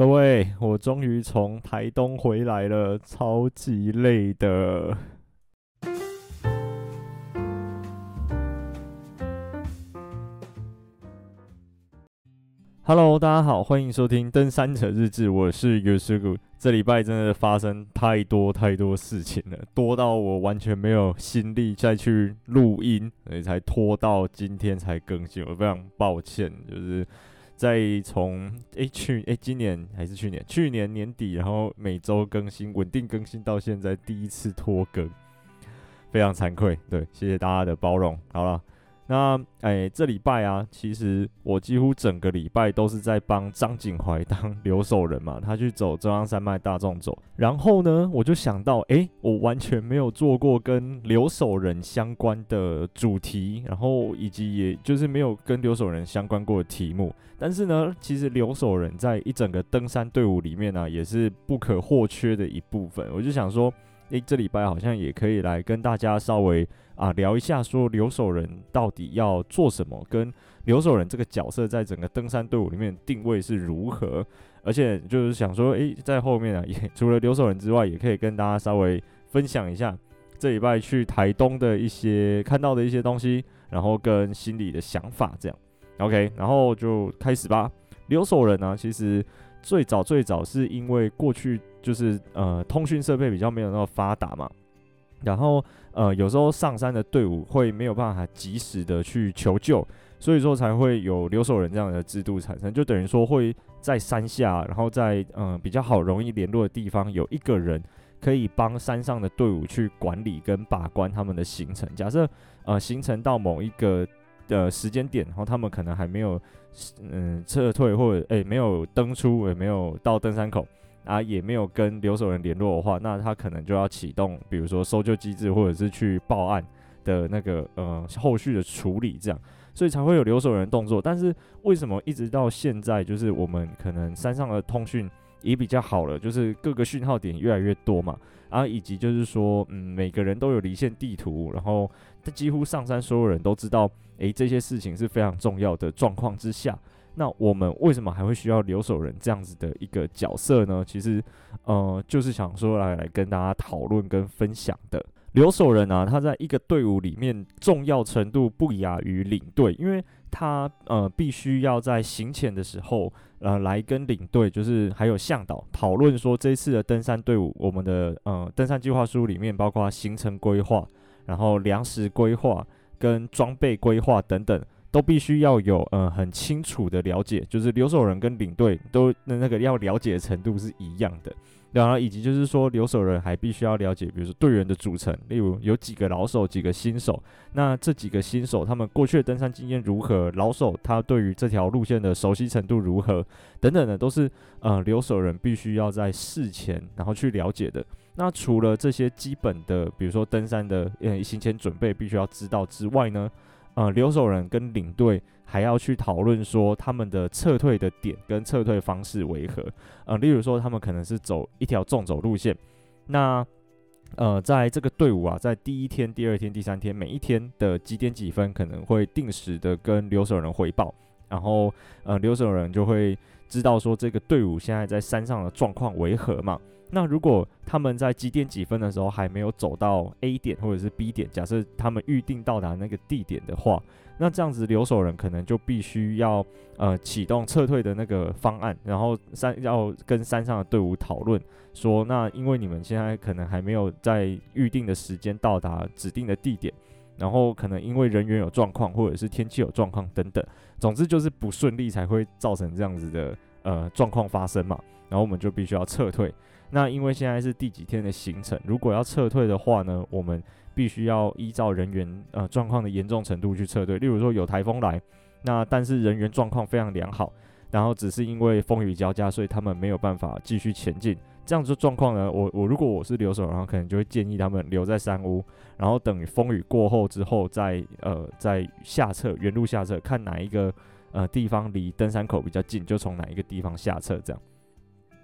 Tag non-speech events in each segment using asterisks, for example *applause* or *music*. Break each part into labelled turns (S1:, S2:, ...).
S1: 各位，我終於從台東回來了，超級累的。Hello，大家好，歡迎收聽《登山者日誌》，我是尤叔叔。這禮拜真的發生太多太多事情了，多到我完全沒有心力再去錄音，所以才拖到今天才更新。我非常抱歉，就是。在從哎，去哎，今年還是去年，去年年底，然後每周更新穩定更新到現在，第一次拖更，非常慚愧。對，謝謝大家的包容。好了。那，哎，這禮拜啊，其實我幾乎整個禮拜都是在幫張景懷當留守人嘛，他去走中央山脈大縱走。然後呢，我就想到，哎，我完全沒有做過跟留守人相關的主題，然後以及也就是沒有跟留守人相關過的題目。但是呢，其實留守人在一整個登山隊伍裡面呢、啊，也是不可或缺的一部分。我就想說。誒，這禮拜好像也可以來跟大家稍微啊聊一下，說留守人到底要做什麼，跟留守人這個角色在整個登山隊伍裡面定位是如何，而且就是想說，誒，在後面啊也，除了留守人之外，也可以跟大家稍微分享一下這禮拜去台東的一些看到的一些東西，然後跟心裡的想法這樣。OK，然後就開始吧。留守人呢、啊，其實最早最早是因為過去。就是呃通訊設備比較沒有那麼發達嘛，然後呃有時候上山的隊伍會沒有辦法及時的去求救，所以說才會有留守人這樣的制度產生，就等於說會在山下，然後在嗯、呃、比較好容易聯絡的地方有一個人可以幫山上的隊伍去管理跟把關他們的行程。假設呃行程到某一個的時間點，然後他們可能還沒有嗯撤退或者誒、欸、沒有登出，也沒有到登山口。啊，也沒有跟留守人聯絡的話，那他可能就要啟動，比如說搜救機制，或者是去報案的那個呃後續的處理，這樣，所以才會有留守人動作。但是為什麼一直到現在，就是我們可能山上的通訊也比較好了，就是各個訊號點越來越多嘛，啊，以及就是說，嗯，每個人都有離線地圖，然後幾乎上山所有人都知道，誒，這些事情是非常重要的狀況之下。那我們為什麼還會需要留守人這樣子的一個角色呢？其實，呃，就是想說來來跟大家討論跟分享的。留守人啊，他在一個隊伍裡面重要程度不亞於領隊，因為他呃，必須要在行前的時候呃，來跟領隊就是還有向導討論說這次的登山隊伍，我們的呃登山計劃書裡面包括行程規劃，然後糧食規劃跟裝備規劃等等。都必須要有，嗯，很清楚的了解，就是留守人跟領隊都那那個要了解的程度是一樣的，然後、啊、以及就是說，留守人還必須要了解，比如說隊員的組成，例如有幾個老手，幾個新手，那這幾個新手他們過去的登山經驗如何，老手他對於這條路線的熟悉程度如何，等等的，都是呃、嗯、留守人必須要在事前然後去了解的。那除了這些基本的，比如說登山的，嗯，行前準備必須要知道之外呢？呃，留守人跟領隊還要去討論說他們的撤退的點跟撤退方式為何？呃，例如說他們可能是走一條縱走路線，那呃，在這個隊伍啊，在第一天、第二天、第三天，每一天的幾點幾分可能會定時的跟留守人彙報，然後呃，留守人就會知道說這個隊伍現在在山上的狀況為何嘛。那如果他們在幾點幾分的時候還沒有走到 A 點或者是 B 點，假設他們預定到達那個地點的話，那這樣子留守人可能就必須要呃啟動撤退的那個方案，然後山要跟山上的隊伍討論說，那因為你們現在可能還沒有在預定的時間到達指定的地點，然後可能因為人員有狀況或者是天氣有狀況等等，總之就是不順利才會造成這樣子的呃狀況發生嘛，然後我們就必須要撤退。那因為現在是第幾天的行程，如果要撤退的話呢，我們必須要依照人員呃狀況的嚴重程度去撤退。例如說有台風來，那但是人員狀況非常良好，然後只是因為風雨交加，所以他們沒有辦法繼續前進。這樣子的狀況呢，我我如果我是留守，然後可能就會建議他們留在山屋，然後等風雨過後之後再呃再下撤，原路下撤，看哪一個呃地方離登山口比較近，就從哪一個地方下撤這樣。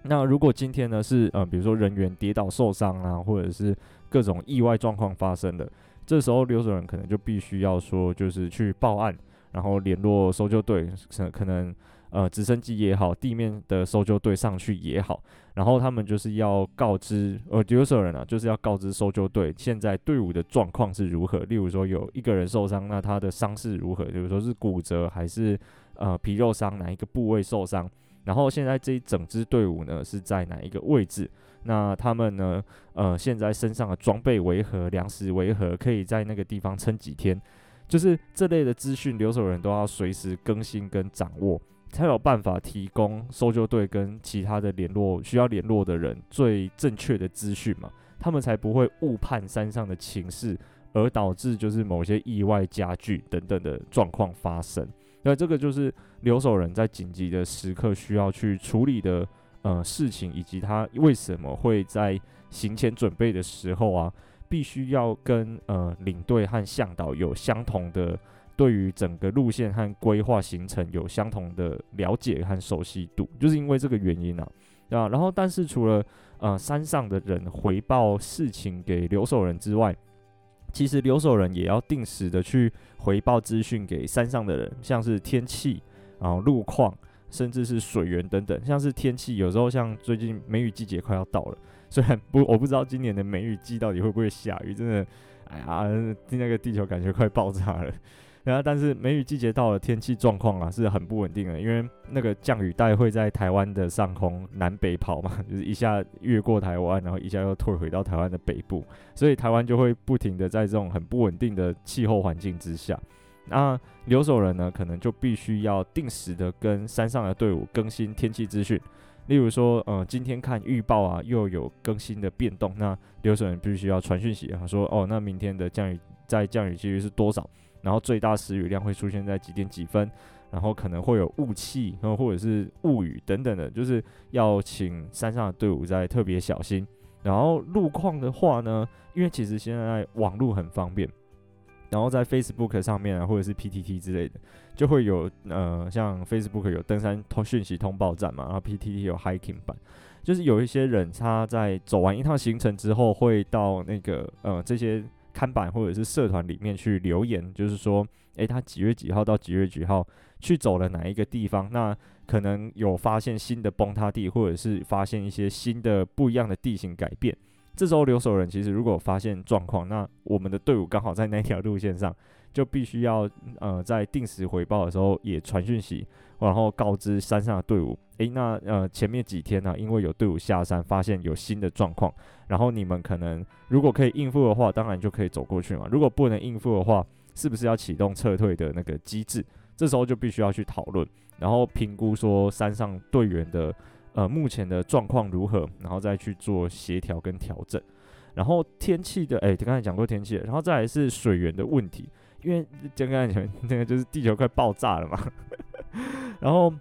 S1: 那如果今天呢是呃，比如說人員跌倒受傷啊，或者是各種意外狀況發生的，這時候留守人可能就必須要說，就是去報案，然後聯絡搜救隊，可可能呃直升機也好，地面的搜救隊上去也好，然後他們就是要告知呃留守人啊，就是要告知搜救隊現在隊伍的狀況是如何。例如說有一個人受傷，那他的傷勢如何？比如說是骨折還是呃皮肉傷，哪一個部位受傷？然後現在這一整支隊伍呢是在哪一個位置？那他們呢？呃，現在身上的裝備為何？糧食為何？可以在那個地方撐幾天？就是這類的資訊，留守人都要隨時更新跟掌握，才有辦法提供搜救隊跟其他的聯絡需要聯絡的人最正確的資訊嘛。他們才不會誤判山上的情勢，而導致就是某些意外加劇等等的狀況發生。那這個就是留守人在緊急的時刻需要去處理的呃事情，以及他為什麼會在行前準備的時候啊，必須要跟呃領隊和向導有相同的對於整個路線和規劃行程有相同的了解和熟悉度，就是因為這個原因啊啊。然後，但是除了呃山上的人回報事情給留守人之外，其實留守人也要定時的去回報資訊給山上的人，像是天氣，然後路況，甚至是水源等等。像是天氣，有時候像最近梅雨季節快要到了，雖然不，我不知道今年的梅雨季到底會不會下雨。真的，哎呀，那個地球感覺快爆炸了。然後、啊，但是梅雨季節到了、啊，天氣狀況啊是很不穩定的，因為那個降雨帶會在台灣的上空南北跑嘛，就是一下越過台灣，然後一下又退回到台灣的北部，所以台灣就會不停的在這種很不穩定的氣候環境之下。那留守人呢，可能就必須要定時的跟山上的隊伍更新天氣資訊，例如說，呃，今天看預報啊，又有更新的變動，那留守人必須要傳訊息啊，說，哦，那明天的降雨在降雨機率是多少？然後最大時雨量會出現在幾點幾分，然後可能會有霧氣，然後或者是霧雨等等的，就是要請山上的隊伍再特別小心。然後路況的話呢，因為其實現在網路很方便，然後在 Facebook 上面啊，或者是 PTT 之類的，就會有呃，像 Facebook 有登山訊息通報站嘛，然後 PTT 有 Hiking 版，就是有一些人他在走完一趟行程之後，會到那個呃這些。看板或者是社團裡面去留言，就是說，誒、欸，他幾月幾號到幾月幾號去走了哪一個地方？那可能有發現新的崩塌地，或者是發現一些新的不一樣的地形改變。這時候留守人其實如果發現狀況，那我們的隊伍剛好在那條路線上，就必須要呃在定時回報的時候也傳訊息，然後告知山上的隊伍。誒、欸，那呃，前面幾天呢、啊，因為有隊伍下山，發現有新的狀況，然後你們可能如果可以應付的話，當然就可以走過去嘛。如果不能應付的話，是不是要啟動撤退的那個機制？這時候就必須要去討論，然後評估說山上隊員的呃目前的狀況如何，然後再去做協調跟調整。然後天氣的，哎、欸，剛才講過天氣，然後再來是水源的問題，因為就剛才講那個就是地球快爆炸了嘛， *laughs* 然後。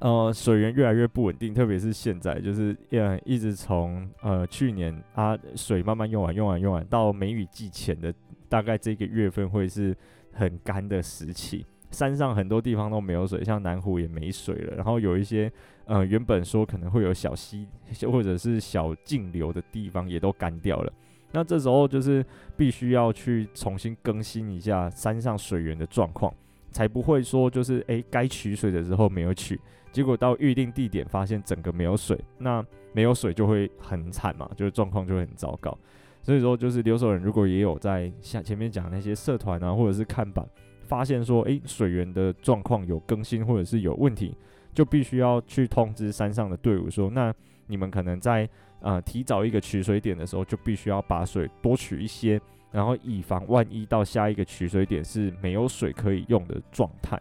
S1: 呃，水源越來越不穩定，特別是現在，就是呃、嗯，一直從呃去年啊水慢慢用完、用完、用完，到梅雨季前的大概這個月份會是很乾的時期，山上很多地方都沒有水，像南湖也沒水了，然後有一些呃原本說可能會有小溪，或者是小徑流的地方也都乾掉了，那這時候就是必須要去重新更新一下山上水源的狀況。才不會說就是，誒，該、欸、取水的時候沒有取，結果到預定地點發現整個沒有水，那沒有水就會很慘嘛，就是狀況就會很糟糕。所以說，就是留守人如果也有在像前面講那些社團啊，或者是看板，發現說，誒、欸、水源的狀況有更新或者是有問題，就必須要去通知山上的隊伍說，那你們可能在，呃，提早一個取水點的時候，就必須要把水多取一些。然後以防萬一，到下一個取水點是沒有水可以用的狀態，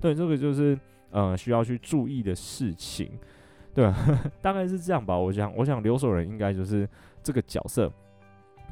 S1: 對，這個就是嗯、呃，需要去注意的事情，對呵呵，大概是這樣吧。我想，我想留守人應該就是這個角色，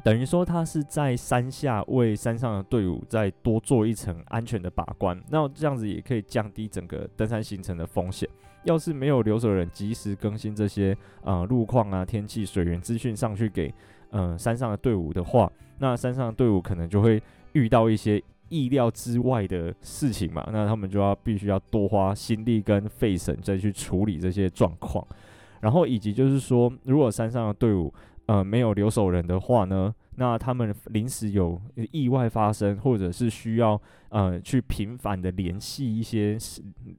S1: 等於說他是在山下為山上的隊伍再多做一層安全的把關，那這樣子也可以降低整個登山行程的風險。要是沒有留守人及時更新這些呃路況啊、天氣、水源資訊上去給。嗯、呃，山上的隊伍的話，那山上的隊伍可能就會遇到一些意料之外的事情嘛，那他們就要必須要多花心力跟費神再去處理這些狀況，然後以及就是說，如果山上的隊伍呃沒有留守人的話呢，那他們臨時有意外發生，或者是需要呃去頻繁的聯繫一些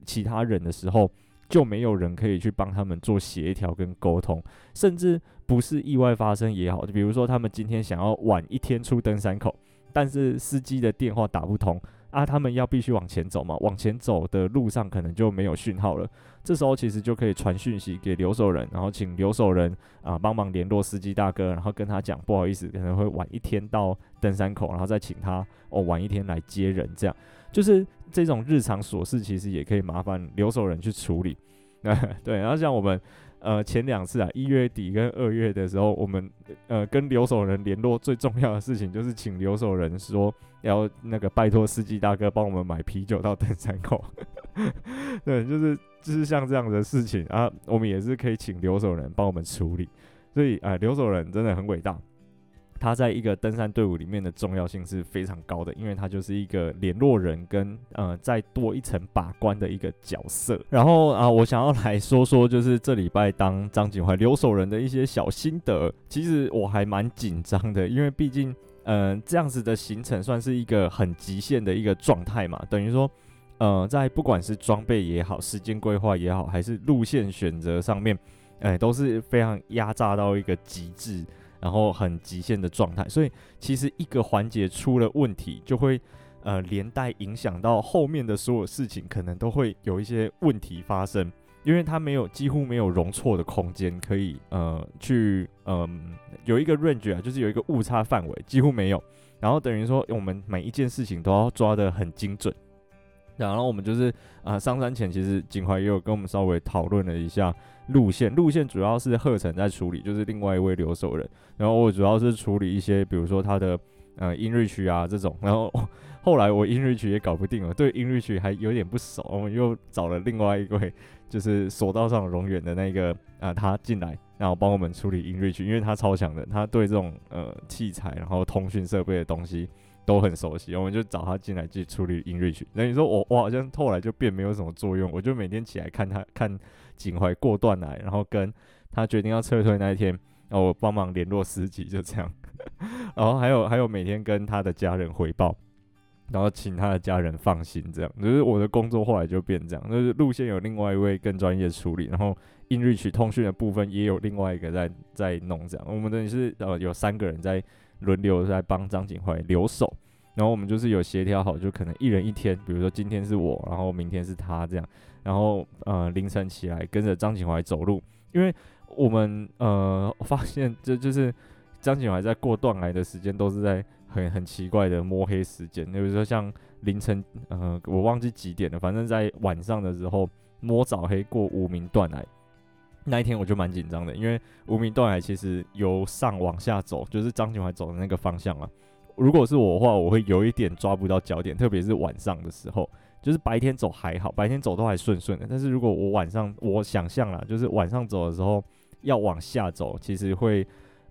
S1: 其他人的時候。就沒有人可以去幫他們做協調跟溝通，甚至不是意外發生也好，就比如說他們今天想要晚一天出登山口，但是司機的電話打不通。啊，他們要必須往前走嘛，往前走的路上可能就沒有訊號了。這時候其實就可以傳訊息給留守人，然後請留守人啊幫忙聯絡司機大哥，然後跟他講不好意思，可能會晚一天到登山口，然後再請他哦晚一天來接人。這樣就是這種日常瑣事，其實也可以麻煩留守人去處理。那 *laughs* 對，然後像我們。呃，前兩次啊，一月底跟二月的時候，我們呃跟留守人聯絡最重要的事情，就是請留守人說要那個拜託司機大哥幫我們買啤酒到登山口。 *laughs* 對，就是就是像這樣的事情啊，我們也是可以請留守人幫我們處理。所以啊，呃，留守人真的很偉大。他在一個登山隊伍裡面的重要性是非常高的，因為他就是一個聯絡人跟，跟呃再多一層把關的一個角色。然後啊、呃，我想要來說說，就是這禮拜當張景懷留守人的一些小心得。其實我還蠻緊張的，因為畢竟嗯、呃、這樣子的行程算是一個很極限的一個狀態嘛，等於說呃在不管是裝備也好，時間規劃也好，還是路線選擇上面，哎、呃、都是非常壓榨到一個極致。然後很極限的狀態，所以其實一個環節出了問題，就會呃連帶影響到後面的所有事情，可能都會有一些問題發生，因為它沒有幾乎沒有容錯的空間，可以呃去呃有一個 range 啊，就是有一個誤差範圍，幾乎沒有。然後等於說，我們每一件事情都要抓得很精準。然後我們就是啊、呃，上山前其實景懷也有跟我們稍微討論了一下路線，路線主要是賀晨在處理，就是另外一位留守人。然後我主要是處理一些，比如說他的呃 InReach 啊這種。然後後來我 InReach 也搞不定了，對 InReach 還有點不熟。我們又找了另外一位，就是索道上永遠的那個啊、呃，他進來然後幫我們處理 InReach，因為他超強的，他對這種呃器材然後通訊設備的東西，都很熟悉，我們就找他進來去處理 Inreach。那你說我，我好像後來就變沒有什麼作用，我就每天起來看他看景懷過斷來，然後跟他決定要撤退那一天，然後我幫忙聯絡司機，就這樣。然後還有還有每天跟他的家人匯報，然後請他的家人放心，這樣。只、就是我的工作後來就變這樣，就是路線有另外一位更專業處理，然後 Inreach 通訊的部分也有另外一個在在弄這樣。我們等於是呃有三個人在。輪流在幫張景懷留守，然後我們就是有協調好，就可能一人一天，比如說今天是我，然後明天是他這樣，然後呃凌晨起來跟着張景懷走路，因為我們呃發現這就，就是張景懷在過斷崖的時間都是在很很奇怪的摸黑時間，比如說像凌晨嗯、呃、我忘記幾點了，反正在晚上的時候摸早黑過無名斷崖。那一天我就蠻緊張的，因為無名斷崖其實由上往下走，就是張景懷走的那個方向嘛。如果是我的話，我會有一點抓不到腳點，特別是晚上的時候。就是白天走還好，白天走都還順順的。但是如果我晚上，我想象了，就是晚上走的時候要往下走，其實會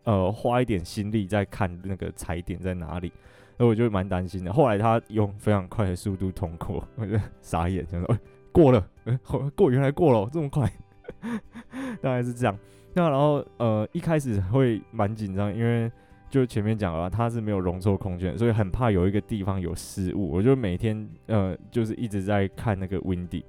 S1: 呃花一點心力在看那個踩點在哪裡。那我就蠻擔心的。後來他用非常快的速度通過，我就傻眼，想到、欸、過了，過、欸、原來過了、喔、這麼快。 *laughs* 當然是這樣。那然後呃，一開始會蠻緊張，因為就前面講了，他是沒有容錯空間，所以很怕有一個地方有失誤。我就每天呃，就是一直在看那個 Windy，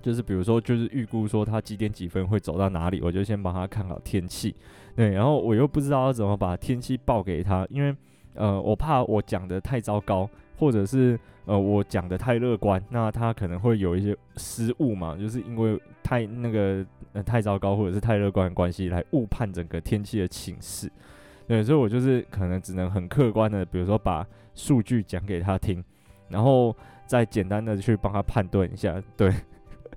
S1: 就是比如說就是預估說他幾點幾分會走到哪裡，我就先幫他看好天氣。對，然後我又不知道要怎麼把天氣報給他，因為呃，我怕我講得太糟糕。或者是呃，我講得太樂觀，那他可能會有一些失誤嘛，就是因為太那個呃太糟糕，或者是太樂觀的關係來誤判整個天氣的情勢。對，所以我就是可能只能很客觀的，比如說把數據講給他聽，然後再簡單的去幫他判斷一下，對，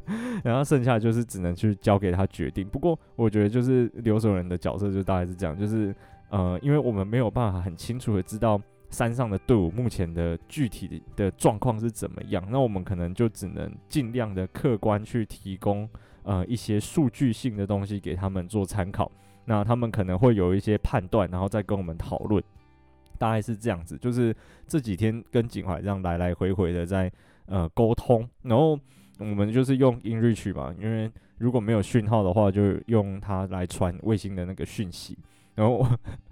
S1: *laughs* 然後剩下就是只能去交給他決定。不過我覺得就是留守人的角色就大概是這樣，就是呃，因為我們沒有辦法很清楚的知道。山上的隊伍目前的具體的狀況是怎麼樣？那我們可能就只能儘量的客觀去提供呃一些數據性的東西給他們做參考。那他們可能會有一些判斷，然後再跟我們討論。大概是這樣子，就是這幾天跟景懷這樣來來回回的在呃溝通，然後我們就是用 InReach 嘛，因為如果沒有訊號的話，就用它來傳衛星的那個訊息，然後。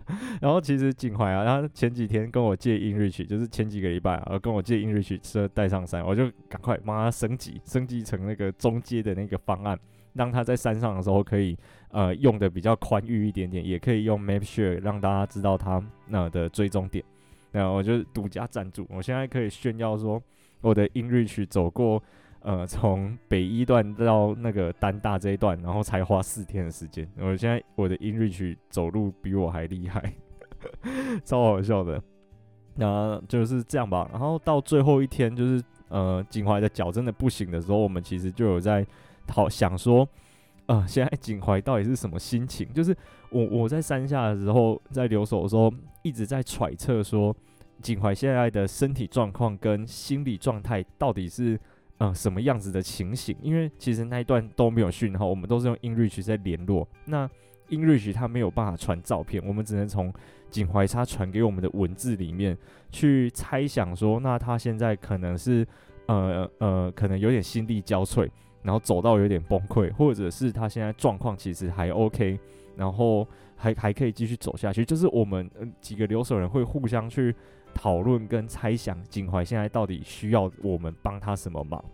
S1: *laughs* 然後其實景懷啊，他前幾天跟我借 In Reach，就是前幾個禮拜啊，跟我借 In Reach，帶上山，我就趕快幫他升級，升級成那個中階的那個方案，讓他在山上的時候可以呃用得比較寬裕一點點，也可以用 Map Share 讓大家知道他那的追蹤點。那我就獨家贊助，我現在可以炫耀說我的 In Reach 走過。呃，從北一段到那個丹大這一段，然後才花四天的時間。我現在我的 inReach 走路比我還厲害， *laughs* 超好笑的。那、呃、就是這樣吧。然後到最後一天，就是呃，景懷的腳真的不行的時候，我們其實就有在討想說，呃，現在景懷到底是什麼心情？就是我我在山下的時候，在留守的時候，一直在揣測說，景懷現在的身體狀況跟心理狀態到底是。嗯、呃，什麼樣子的情形？因為其實那一段都沒有訊號，我們都是用 InReach 在聯絡。那 InReach 它沒有辦法傳照片，我們只能從景懷差傳給我們的文字裡面去猜想說，那他現在可能是呃呃，可能有點心力交瘁，然後走到有點崩潰，或者是他現在狀況其實還 OK，然後還還可以繼續走下去。就是我們、呃、幾個留守人會互相去。討論跟猜想，景懷現在到底需要我們幫他什麼忙。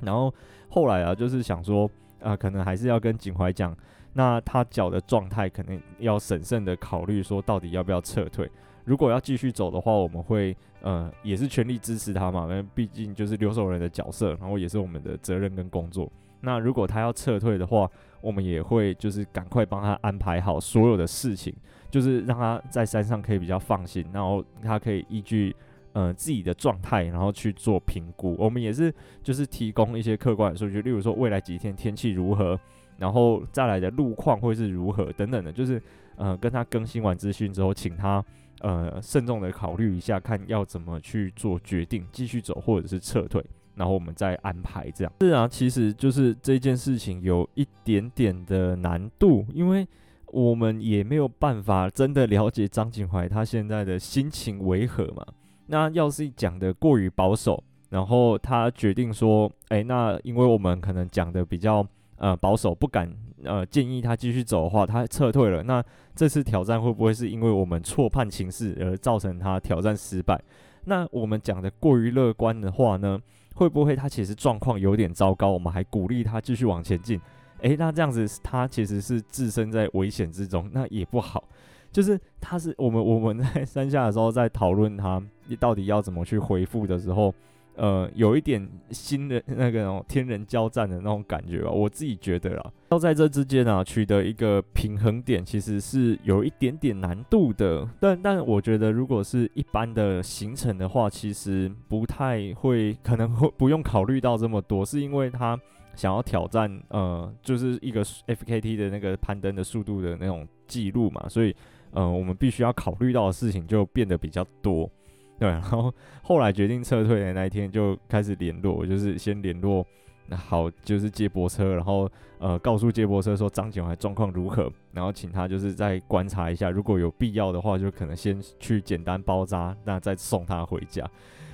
S1: 然後後來啊，就是想說啊、呃，可能還是要跟景懷講，那他腳的狀態，可能要審慎的考慮，說到底要不要撤退。如果要繼續走的話，我們會嗯、呃，也是全力支持他嘛，因為畢竟就是留守人的角色，然後也是我們的責任跟工作。那如果他要撤退的話，我們也會就是趕快幫他安排好所有的事情。就是讓他在山上可以比較放心，然後他可以依據呃自己的狀態，然後去做評估。我們也是，就是提供一些客觀的數據，例如說未來幾天天氣如何，然後再來的路況會是如何等等的。就是呃，跟他更新完資訊之後，請他呃慎重的考慮一下，看要怎麼去做決定，繼續走或者是撤退，然後我們再安排這樣。是啊，其實就是這件事情有一點點的難度，因為。我們也沒有辦法真的了解張景懷他現在的心情為何嘛？那要是講得過於保守，然後他決定說，誒，那因為我們可能講得比較呃保守，不敢呃建議他繼續走的話，他撤退了。那這次挑戰會不會是因為我們錯判情勢而造成他挑戰失敗？那我們講得過於樂觀的話呢，會不會他其實狀況有點糟糕，我們還鼓勵他繼續往前進？誒、欸，那這樣子，他其實是置身在危險之中，那也不好。就是他是我們我們在山下的時候在討論他到底要怎麼去回復的時候，呃，有一點新的那個那種天人交戰的那種感覺吧。我自己覺得啊，要在這之間啊取得一個平衡點，其實是有一點點難度的。但但我覺得，如果是一般的行程的話，其實不太會，可能會不用考慮到這麼多，是因為他。想要挑戰，呃，就是一個 FKT 的那個攀登的速度的那種記錄嘛，所以，呃，我們必須要考慮到的事情就變得比較多，對。然後後來決定撤退的那一天，就開始聯絡，就是先聯絡，好，就是接駁車，然後呃，告訴接駁車說張景還狀況如何，然後請他就是再觀察一下，如果有必要的話，就可能先去簡單包紮，那再送他回家，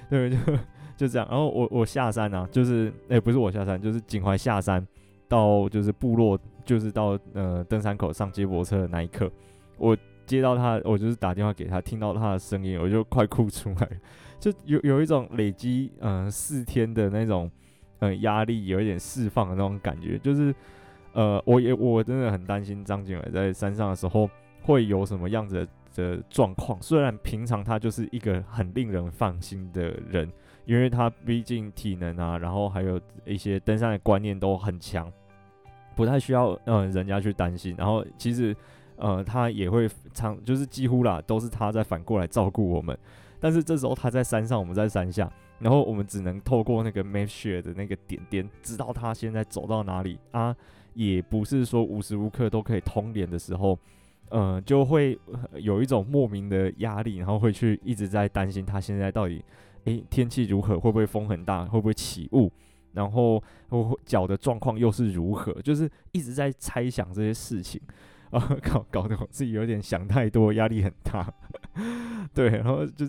S1: 對，就。就這樣，然後我我下山啊，就是哎、欸，不是我下山，就是景懷下山，到就是部落，就是到呃登山口上接駁車的那一刻，我接到他，我就是打電話給他，聽到他的聲音，我就快哭出來，就有有一種累積嗯、呃、四天的那種嗯、呃、壓力，有一點釋放的那種感覺，就是呃我也我真的很擔心張景懷在山上的時候會有什麼樣子的狀況，雖然平常他就是一個很令人放心的人。因為他畢竟體能啊，然後還有一些登山的觀念都很強，不太需要嗯、呃、人家去擔心。然後其實呃他也會常就是幾乎啦都是他在反過來照顧我們。但是這時候他在山上，我們在山下，然後我們只能透過那個 map share 的那個點點，知道他現在走到哪裡。他、啊、也不是說無時無刻都可以通聯的時候，嗯、呃、就會有一種莫名的壓力，然後會去一直在擔心他現在到底。誒、欸，天氣如何？會不會風很大？會不會起霧？然後我腳的狀況又是如何？就是一直在猜想這些事情。啊，搞搞得我自己有點想太多，壓力很大。 *laughs* 對，然後就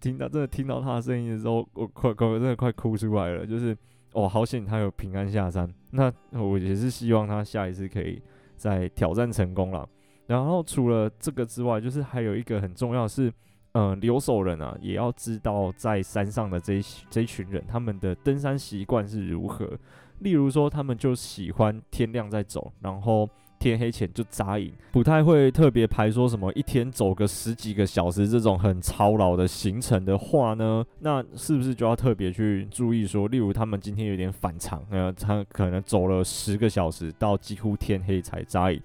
S1: 聽到真的聽到他的聲音的時候，我快我真的快哭出來了。就是哦，好險他有平安下山。那我也是希望他下一次可以再挑戰成功了。然後除了這個之外，就是還有一個很重要的是。嗯，留守人啊，也要知道在山上的這一、這一群人，他們的登山習慣是如何。例如說，他們就喜歡天亮再走，然後天黑前就紮營，不太會特別排說什麼一天走個十幾個小時這種很操勞的行程的話呢，那是不是就要特別去注意說，例如他們今天有點反常，呃，他可能走了十個小時，到幾乎天黑才紮營。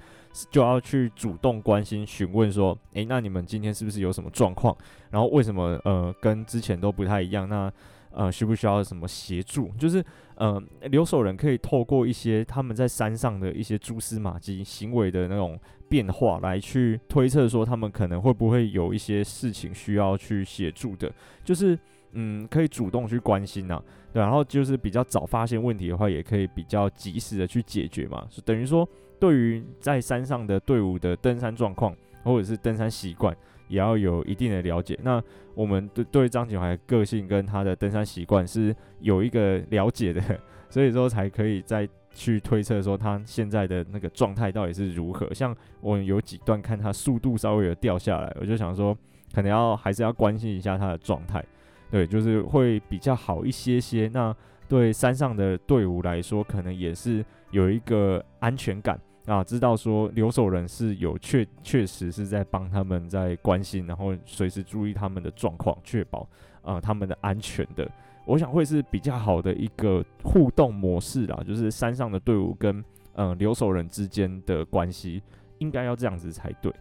S1: 就要去主動關心、詢問說，誒、欸，那你們今天是不是有什麼狀況？然後為什麼呃跟之前都不太一樣？那呃需不需要什麼協助？就是呃留守人可以透過一些他們在山上的一些蛛絲馬跡、行為的那種變化來去推測，說他們可能會不會有一些事情需要去協助的，就是。嗯，可以主動去關心吶、啊，對，然後就是比較早發現問題的話，也可以比較及時的去解決嘛。等於說，對於在山上的隊伍的登山狀況，或者是登山習慣，也要有一定的了解。那我們對對張景懷的個性跟他的登山習慣是有一個了解的，所以說才可以再去推測說他現在的那個狀態到底是如何。像我有幾段看他速度稍微有掉下來，我就想說，可能要還是要關心一下他的狀態。對，就是會比較好一些些。那對山上的隊伍來說，可能也是有一個安全感啊，知道說留守人是有確確實實在幫他們，在關心，然後隨時注意他們的狀況，確保呃他們的安全的。我想會是比較好的一個互動模式啦，就是山上的隊伍跟嗯、呃、留守人之間的關係應該要這樣子才對。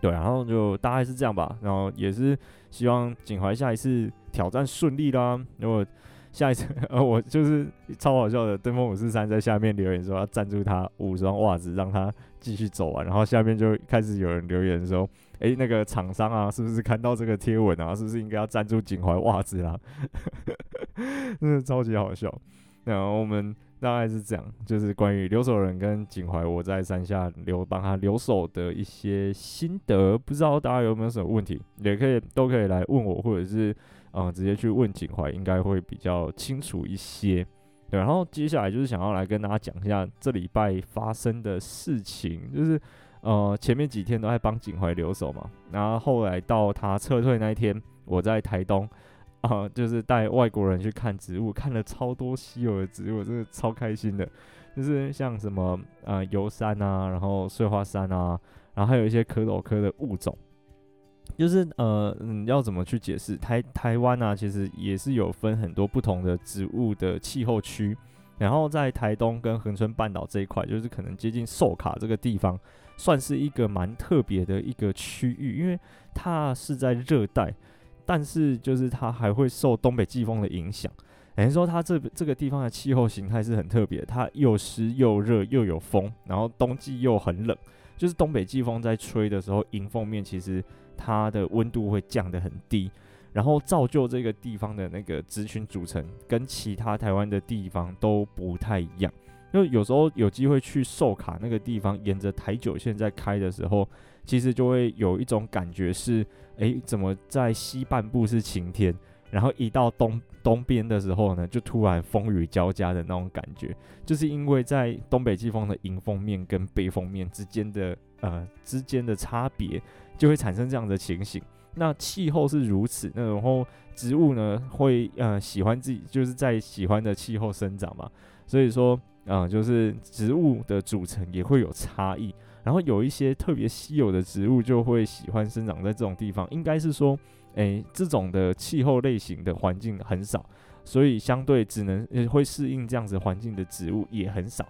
S1: 對，然後就大概是這樣吧。然後也是希望景懷下一次。挑戰順利啦！如果下一次，呃、啊，我就是超好笑的，登峰五四三在下面留言說要贊助他五雙襪子，讓他繼續走完，啊。然後下面就開始有人留言說：“誒、欸，那個廠商啊，是不是看到這個貼文啊，是不是應該要贊助景懷襪子啊？” *laughs* 真的超級好笑。然後我們大概是這樣，就是關於留守人跟景懷我在山下留幫他留守的一些心得。不知道大家有沒有什麼問題，也可以都可以來問我，或者是。嗯、呃，直接去問景懷應該會比較清楚一些。對，然後接下來就是想要來跟大家講一下這禮拜發生的事情，就是呃前面幾天都在幫景懷留守嘛，然後後來到他撤退那一天，我在台東啊、呃，就是帶外國人去看植物，看了超多稀有的植物，真的超開心的，就是像什麼呃油杉啊，然後穗花杉啊，然後還有一些殼斗科的物種。就是呃你要怎麼去解釋台台灣啊？其實也是有分很多不同的植物的氣候區，然後在台東跟恆春半島這一塊，就是可能接近壽卡這個地方，算是一個蠻特別的一個區域，因為它是在熱帶，但是就是它還會受東北季風的影響，等於說它這這個地方的氣候形態是很特別，它又濕又熱又有風，然後冬季又很冷。就是東北季風在吹的時候，迎風面其實它的溫度會降得很低，然後造就這個地方的那個族群組成跟其他台灣的地方都不太一樣。因為有時候有機會去壽卡那個地方，沿着台九線在開的時候，其實就會有一種感覺是：哎、欸，怎麼在西半部是晴天，然後一到東，東邊的時候呢，就突然風雨交加的那種感覺，就是因為在東北季風的迎風面跟背風面之間的呃之間的差別，就會產生這樣的情形。那氣候是如此，那然後植物呢會呃喜歡自己就是在喜歡的氣候生長嘛，所以說啊，呃，就是植物的組成也會有差異，然後有一些特別稀有的植物就會喜歡生長在這種地方，應該是說。誒，這種的氣候類型的環境很少，所以相對只能會適應這樣子環境的植物也很少。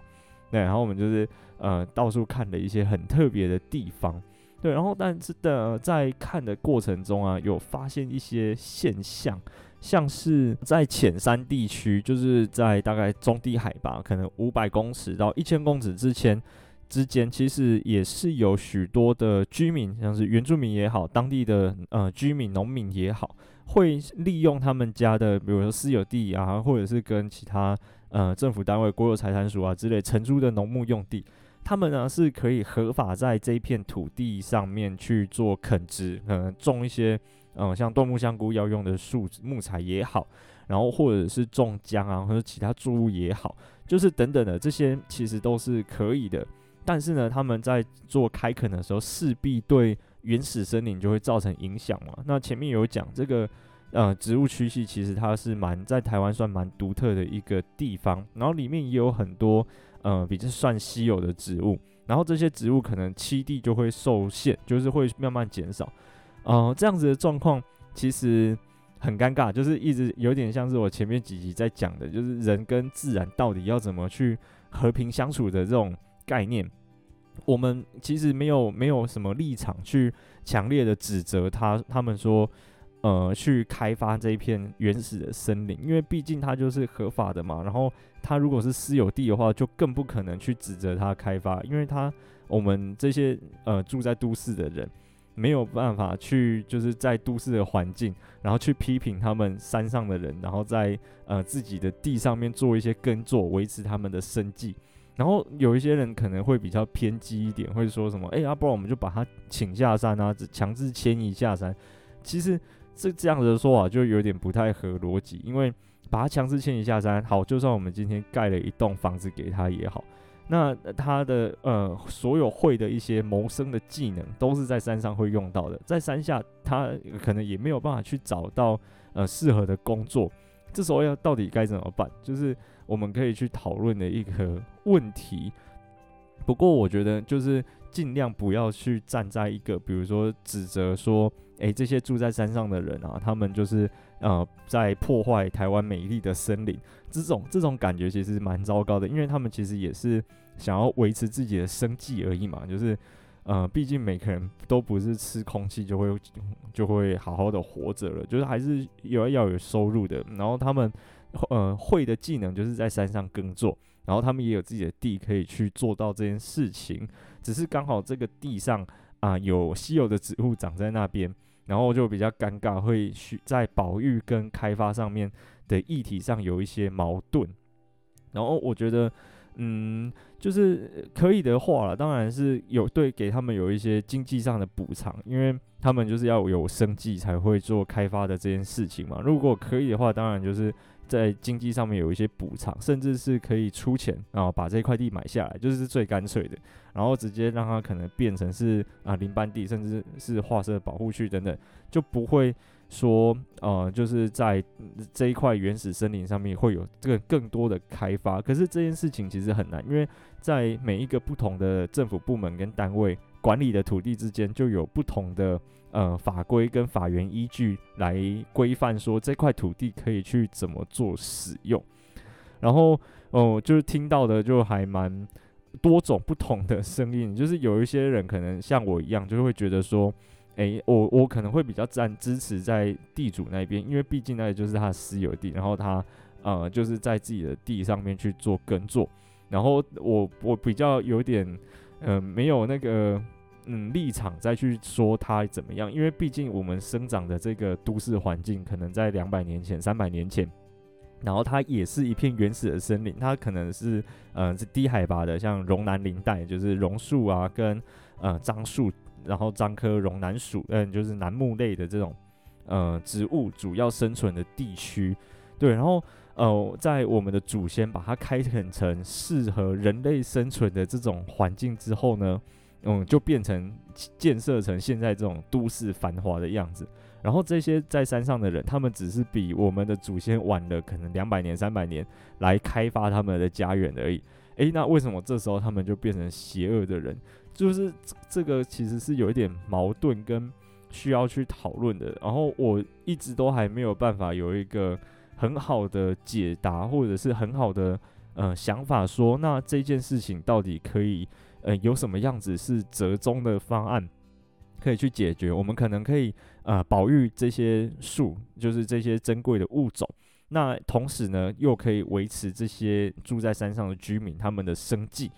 S1: 對，然後我們就是呃到處看了一些很特別的地方，對，然後但是的、呃、在看的過程中啊，有發現一些現象，像是在淺山地區，就是在大概中低海拔，可能五百公尺到一千公尺之間。之間其實也是有許多的居民，像是原住民也好，當地的呃居民、農民也好，會利用他們家的，比如說私有地啊，或者是跟其他呃政府單位、國有財產署啊之類承租的農牧用地，他們呢是可以合法在這一片土地上面去做墾殖，可能種一些嗯、呃、像椴木香菇要用的樹木材也好，然後或者是種薑啊或者其他作物也好，就是等等的這些其實都是可以的。但是呢，他們在做開墾的時候，勢必對原始森林就會造成影響嘛。那前面有講這個，呃，植物區系其實它是蠻在台灣算蠻獨特的一個地方，然後裡面也有很多，呃，比較算稀有的植物。然後這些植物可能棲地就會受限，就是會慢慢減少。嗯、呃，這樣子的狀況其實很尷尬，就是一直有點像是我前面幾集在講的，就是人跟自然到底要怎麼去和平相處的這種。概念，我們其實沒有沒有什麼立場去強烈的指責他。他們說，呃，去開發這一片原始的森林，因為畢竟它就是合法的嘛。然後，它如果是私有地的話，就更不可能去指責他開發，因為他我們這些呃住在都市的人沒有辦法去就是在都市的環境，然後去批評他們山上的人，然後在呃自己的地上面做一些耕作，維持他們的生計。然後有一些人可能會比較偏激一點，會說什麼：“哎，要不然我們就把他請下山啊，強制遷移下山。”其實這這樣子的說法就有點不太合邏輯，因為把他強制遷移下山，好，就算我們今天蓋了一棟房子給他也好，那他的呃所有會的一些謀生的技能都是在山上會用到的，在山下他可能也沒有辦法去找到呃適合的工作，這時候要到底該怎麼辦？就是。我們可以去討論的一個問題，不過我覺得就是盡量不要去站在一個，比如說指責說，誒，這些住在山上的人啊，他們就是呃，在破壞台灣美麗的森林，這種這種感覺其實蠻糟糕的，因為他們其實也是想要維持自己的生計而已嘛，就是呃，畢竟每個人都不是吃空氣就會就會好好的活着了，就是還是要有要有收入的，然後他們。呃，會的技能就是在山上耕作，然後他們也有自己的地可以去做到這件事情。只是剛好這個地上啊，呃、有稀有的植物長在那邊，然後就比較尷尬，會需在保育跟開發上面的議題上有一些矛盾。然後我覺得，嗯，就是可以的話了，當然是有對給他們有一些經濟上的補償，因為他們就是要有生計才會做開發的這件事情嘛。如果可以的話，當然就是。在經濟上面有一些補償，甚至是可以出錢啊，把這塊地買下來，就是最乾脆的。然後直接讓它可能變成是啊呃、林班地，甚至是劃設保護區等等，就不會說呃，就是在這一塊原始森林上面會有這個更多的開發。可是這件事情其實很難，因為在每一個不同的政府部門跟單位管理的土地之間，就有不同的。呃，法規跟法源依據來規範說，這塊土地可以去怎麼做使用，然後哦、呃，就是聽到的就還蠻多種不同的聲音，就是有一些人可能像我一樣，就會覺得說，誒、欸，我我可能會比較贊支持在地主那邊，因為畢竟那裡就是他的私有地，然後他呃就是在自己的地上面去做耕作，然後我我比較有點呃沒有那個。嗯，立場再去說它怎麼樣，因為畢竟我們生長的這個都市環境，可能在兩百年前、三百年前，然後它也是一片原始的森林，它可能是嗯、呃、是低海拔的，像榕楠林帶，就是榕樹啊跟呃樟樹，然後樟科榕南屬，嗯、呃，就是楠木類的這種呃植物主要生存的地區。對，然後呃，在我們的祖先把它開墾成適合人類生存的這種環境之後呢，嗯，就變成建設成現在這種都市繁華的樣子，然後這些在山上的人，他們只是比我們的祖先晚了可能兩百年、三百年來開發他們的家園而已。誒、欸，那為什麼這時候他們就變成邪惡的人？就是這，這個其實是有一點矛盾跟需要去討論的。然後我一直都還沒有辦法有一個很好的解答，或者是很好的嗯、呃、想法說，說那這件事情到底可以，嗯、呃，有什麼樣子是折中的方案可以去解決？我們可能可以呃，保育這些樹，就是這些珍貴的物種。那同時呢，又可以維持這些住在山上的居民他們的生計。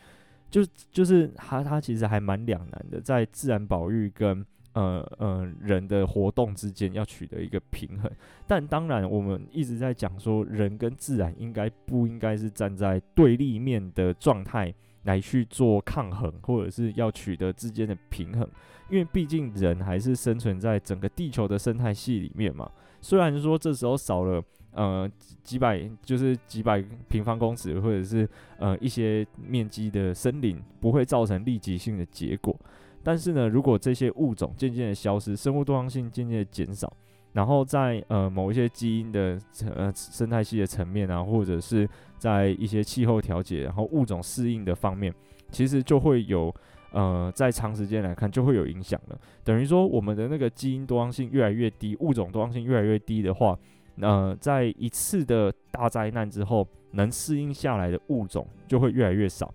S1: 就就是他他其實還蠻兩難的，在自然保育跟呃呃人的活動之間要取得一個平衡。但當然，我們一直在講說，人跟自然應該不應該是站在對立面的狀態，來去做抗衡，或者是要取得之間的平衡，因為畢竟人還是生存在整個地球的生態系裡面嘛。雖然說這時候少了呃幾百就是幾百平方公尺或者是呃一些面積的森林，不會造成立即性的結果，但是呢，如果這些物種漸漸的消失，生物多樣性漸漸的減少，然後在呃某一些基因的呃生態系的層面啊，或者是。在一些氣候調節，然後物種適應的方面，其實就會有，呃，在長時間來看就會有影響了。等於說，我們的那個基因多樣性越來越低，物種多樣性越來越低的話，呃，在一次的大災難之後，能適應下來的物種就會越來越少。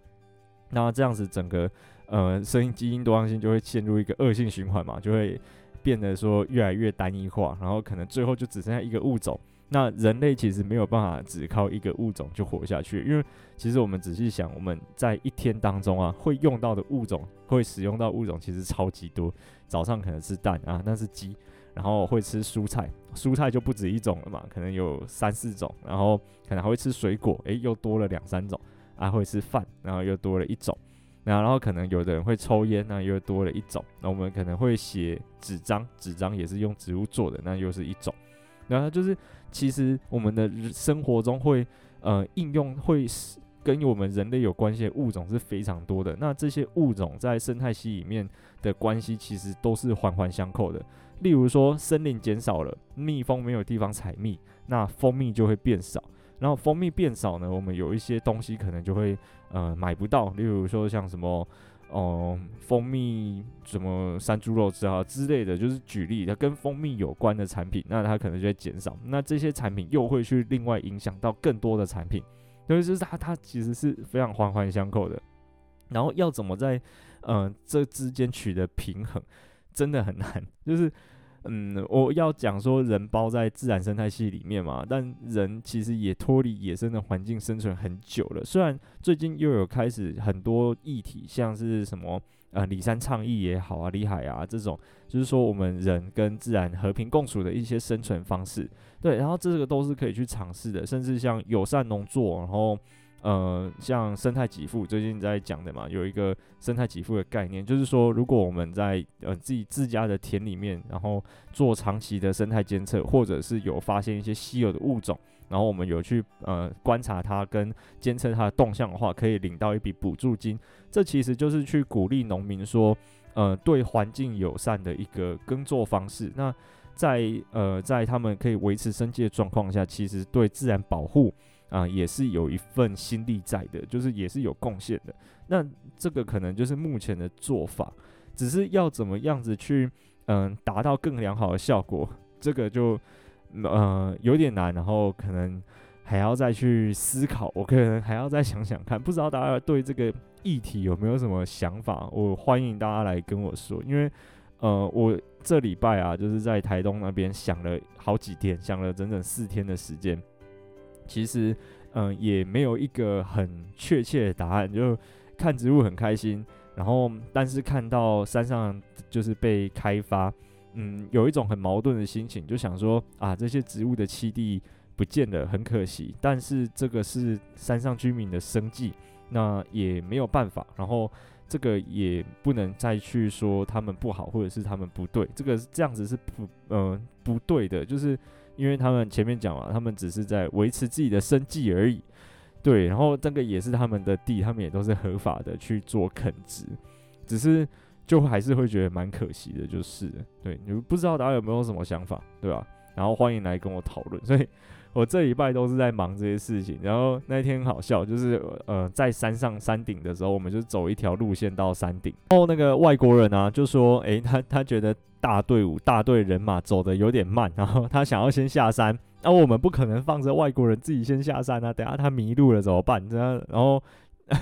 S1: 那這樣子，整個呃，生音基因多樣性就會陷入一個惡性循環嘛，就會變得說越來越單一化，然後可能最後就只剩下一個物種。那人類其實沒有辦法只靠一個物種就活下去，因為其實我們仔細想，我們在一天當中啊，會用到的物種，會使用到物種其實超級多。早上可能吃蛋啊，那是雞，然後會吃蔬菜，蔬菜就不止一種了嘛，可能有三四種，然後可能還會吃水果，誒、欸，又多了兩三種。啊，會吃飯，然後又多了一種。那然後可能有的人會抽菸，那又多了一種。那我們可能會寫紙張，紙張也是用植物做的，那又是一種。然後就是，其實我們的生活中會，呃，應用會跟我們人類有關係的物種是非常多的。那這些物種在生態系裡面的關係，其實都是環環相扣的。例如說，森林減少了，蜜蜂沒有地方採蜜，那蜂蜜就會變少。然後蜂蜜變少呢，我們有一些東西可能就會，呃，買不到。例如說，像什麼？哦，蜂蜜、什麼山豬肉之啊之類的，就是舉例，它跟蜂蜜有關的產品，那它可能就會減少。那這些產品又會去另外影響到更多的產品，所以就是它它其實是非常環環相扣的。然後要怎麼在嗯、呃、這之間取得平衡，真的很難，就是。嗯，我要講說人包在自然生態系裡面嘛，但人其實也脫離野生的環境生存很久了。雖然最近又有開始很多議題，像是什麼呃，里山倡議也好啊，里海啊這種，就是說我們人跟自然和平共處的一些生存方式，對，然後這個都是可以去嘗試的，甚至像友善農作，然後。呃，像生態給付，最近在講的嘛，有一個生態給付的概念，就是說，如果我們在呃自己自家的田裡面，然後做長期的生態監測，或者是有發現一些稀有的物種，然後我們有去呃觀察它跟監測它的動向的話，可以領到一筆補助金。這其實就是去鼓勵農民說，呃，對環境友善的一個耕作方式。那在呃在他們可以維持生計的狀況下，其實對自然保護。啊、呃，也是有一份心力在的，就是也是有貢獻的。那這個可能就是目前的做法，只是要怎麼樣子去，嗯、呃，達到更良好的效果，這個就，呃，有點難。然後可能還要再去思考，我可能還要再想想看。不知道大家對這個議題有沒有什麼想法？我歡迎大家來跟我說，因為，呃，我這禮拜啊，就是在台東那邊想了好幾天，想了整整四天的時間。其實，嗯，也沒有一個很確切的答案。就看植物很開心，然後但是看到山上就是被開發，嗯，有一種很矛盾的心情，就想說啊，這些植物的棲地不見了，很可惜。但是這個是山上居民的生計，那也沒有辦法。然後這個也不能再去說他們不好，或者是他們不對，這個這樣子是不，嗯、呃，不對的，就是。因為他們前面講了，他們只是在維持自己的生計而已，對。然後這個也是他們的地，他們也都是合法的去做墾殖，只是就還是會覺得蠻可惜的就，就是對。你不知道大家有沒有什麼想法，對吧？啊。然後歡迎來跟我討論。所以。我這禮拜都是在忙這些事情，然後那天好笑，就是呃，在山上山頂的時候，我們就走一條路線到山頂。然後那個外國人啊，就說：“誒，他他覺得大隊伍、大隊人馬走得有點慢，然後他想要先下山。那、啊、我們不可能放着外國人自己先下山啊，等下他迷路了怎麼辦？這樣。”然後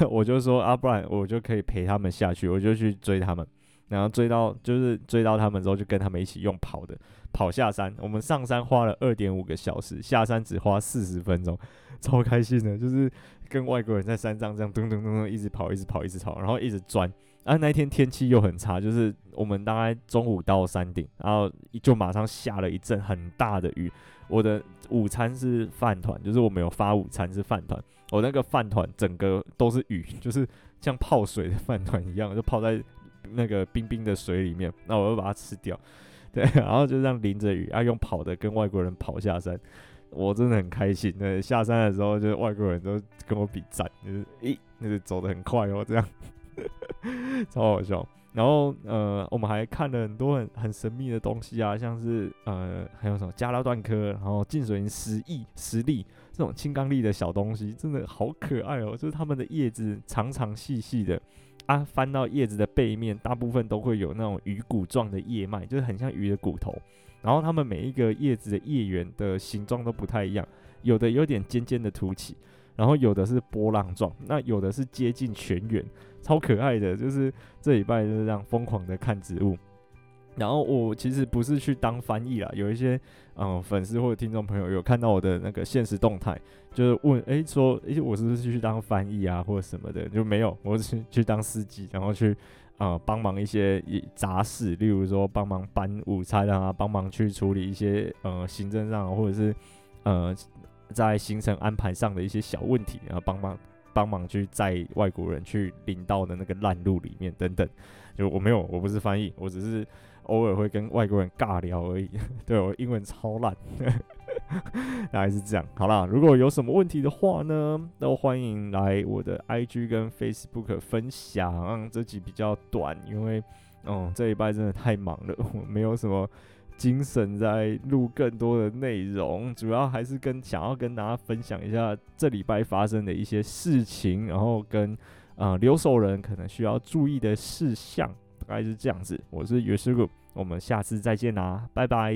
S1: 我就說：“啊，不然我就可以陪他們下去，我就去追他們，然後追到就是追到他們之後，就跟他們一起用跑的。”跑下山，我們上山花了二點五個小時，下山只花四十分鐘，超開心的，就是跟外國人在山上這樣咚咚咚咚一直跑，一直跑，一直跑，然後一直鑽。然後，啊，那天天氣又很差，就是我們大概中午到山頂，然後就馬上下了一陣很大的雨。我的午餐是飯糰，就是我沒有發午餐是飯糰，我那個飯糰整個都是雨，就是像泡水的飯糰一樣，就泡在那個冰冰的水裡面。那我就把它吃掉。對，然後就這樣淋着雨，啊，用跑的跟外國人跑下山，我真的很開心。對，下山的時候，就是外國人都跟我比讚，就是誒，那，欸就是走得很快哦，這樣， *laughs* 超好笑。然後，呃，我們還看了很多很很神秘的東西啊，像是呃，還有什麼加拉斷科，然後浸水營石櫟這種青剛櫟的小東西，真的好可愛哦，就是它們的葉子長長細細的。啊，翻到葉子的背面，大部分都會有那種魚骨狀的葉脈，就是很像魚的骨頭。然後它們每一個葉子的葉緣的形狀都不太一樣，有的有點尖尖的凸起，然後有的是波浪狀，那有的是接近全圓，超可愛的。就是這禮拜就是這樣瘋狂的看植物。然後我其實不是去當翻譯啦，有一些。嗯，粉絲或者聽眾朋友有看到我的那個限時動態，就是問，誒、欸，說，誒、欸，我是不是去當翻譯啊，或者什麼的？就沒有，我是去當司機，然後去，呃，幫忙一些雜事，例如說幫忙搬午餐啊，幫忙去處理一些呃行政上、啊、或者是呃在行程安排上的一些小問題，然後幫忙幫忙去載外國人去領到的那個爛路裡面等等，就我沒有，我不是翻譯，我只是。偶爾會跟外國人尬聊而已，對，我英文超爛， *laughs* 那還是這樣。好啦，如果有什麼問題的話呢，都歡迎來我的 IG 跟 Facebook 分享。這集比較短，因為嗯，這禮拜真的太忙了，我沒有什麼精神在錄更多的內容。主要還是跟想要跟大家分享一下這禮拜發生的一些事情，然後跟、呃、留守人可能需要注意的事項。大概是這樣子，我是尤師傅，我們下次再見啦，拜拜。